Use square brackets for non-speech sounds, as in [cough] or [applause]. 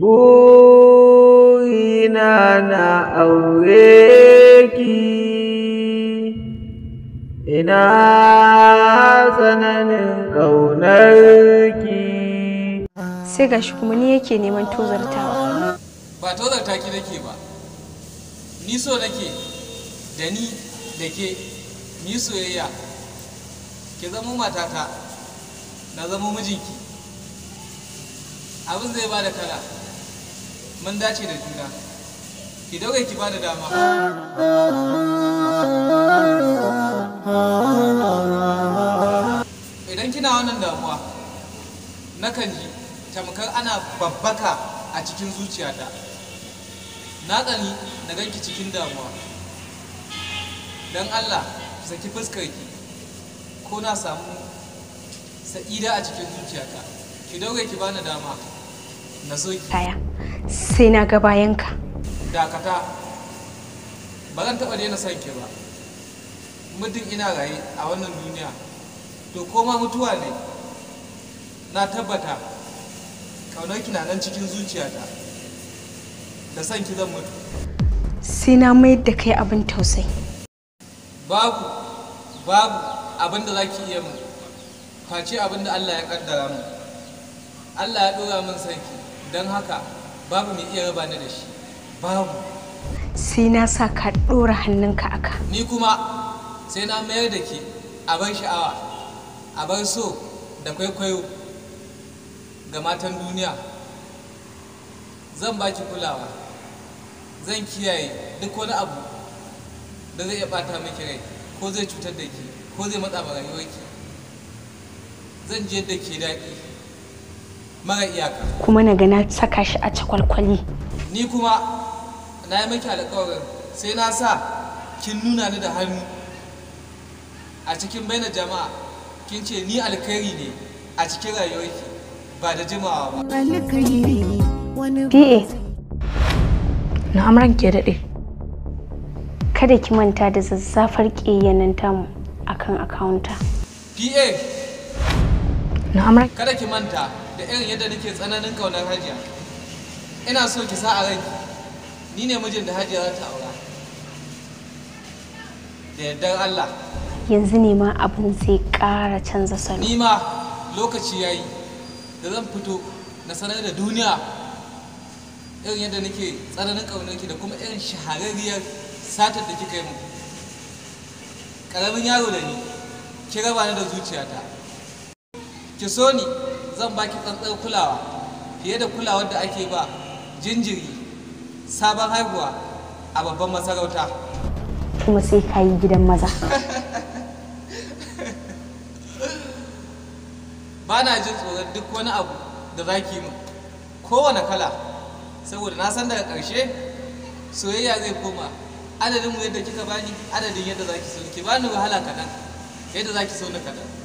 burina na aure ki ina tsananin ƙaunar ki sai ga shi kuma ni yake neman tozartawa ba tozarta ki nake ba ni so nake da ni da ke ni soyayya ki zama matata na zama mijinki abin zai ba da kala mun dace da juna ki daure ki bani dama idan kina wannan damuwa na ji tamkar ana babbaka a cikin zuciyata na tsani na ganki cikin damuwa don allah saki fuskar ki ko na samu sa'ida a cikin zuciyata ki daure ki bani dama na zo kaya sai na ga bayanka dakata ba zan taɓa daina son ba muddin ina raye a wannan duniya to koma mutuwa ne na tabbata ƙaunarki na nan cikin zuciyata da son ki zan mutu sai na mayar da kai abin tausayi babu babu abin da za ki iya mu face abin da allah ya kaddara mu allah ya ɗora min sanki don haka babu mai iya raba ni da shi babu sai na sa ka ɗora hannunka aka ni kuma sai na mayar da ke abar sha'awa a bar so da kwaikwayo ga matan duniya zan baki kulawa zan kiyaye duk wani abu da zai iya bata miki rai ko zai cutar da ke ko zai matsa ba rayuwarki zan je da ke daɗi mara iyaka kuma na gana saka shi a cakwalkwali ni kuma na yi maki alƙawarin sai na sa kin nuna ni da hannu a cikin baina jama'a kin ce ni alkhairi ne a cikin rayuwarki ba da jimawa ba PA na ke daɗe kada ki manta da zazzafar ƙiyyanin tamu kan akawunta PA na kada ki manta irin yadda nake tsananin kaunar hajiya ina so ki sa a rai ni ne mijin da hajiya za ta aura da yardar Allah yanzu ne ma abin zai ƙara canza salo ni ma lokaci ya yi da zan fito na sanar da duniya irin yadda nake tsananin kaunar ki da kuma irin shahararriyar satar da kika yi mu karamin yaro da ni ki raba ni da zuciyata ki so ni zan baki tsantsar kulawa fiye da kulawar da ake ba jinjiri sabon haihuwa a babban masarauta kuma sai ka yi gidan maza [laughs] ba na jin tsoron duk wani abu da za ki mu kowane kala saboda na san daga ƙarshe soyayya zai koma adadin mu yadda kika bani adadin yadda za ki so ki bani wahala kaɗan yadda za ki so na kaɗan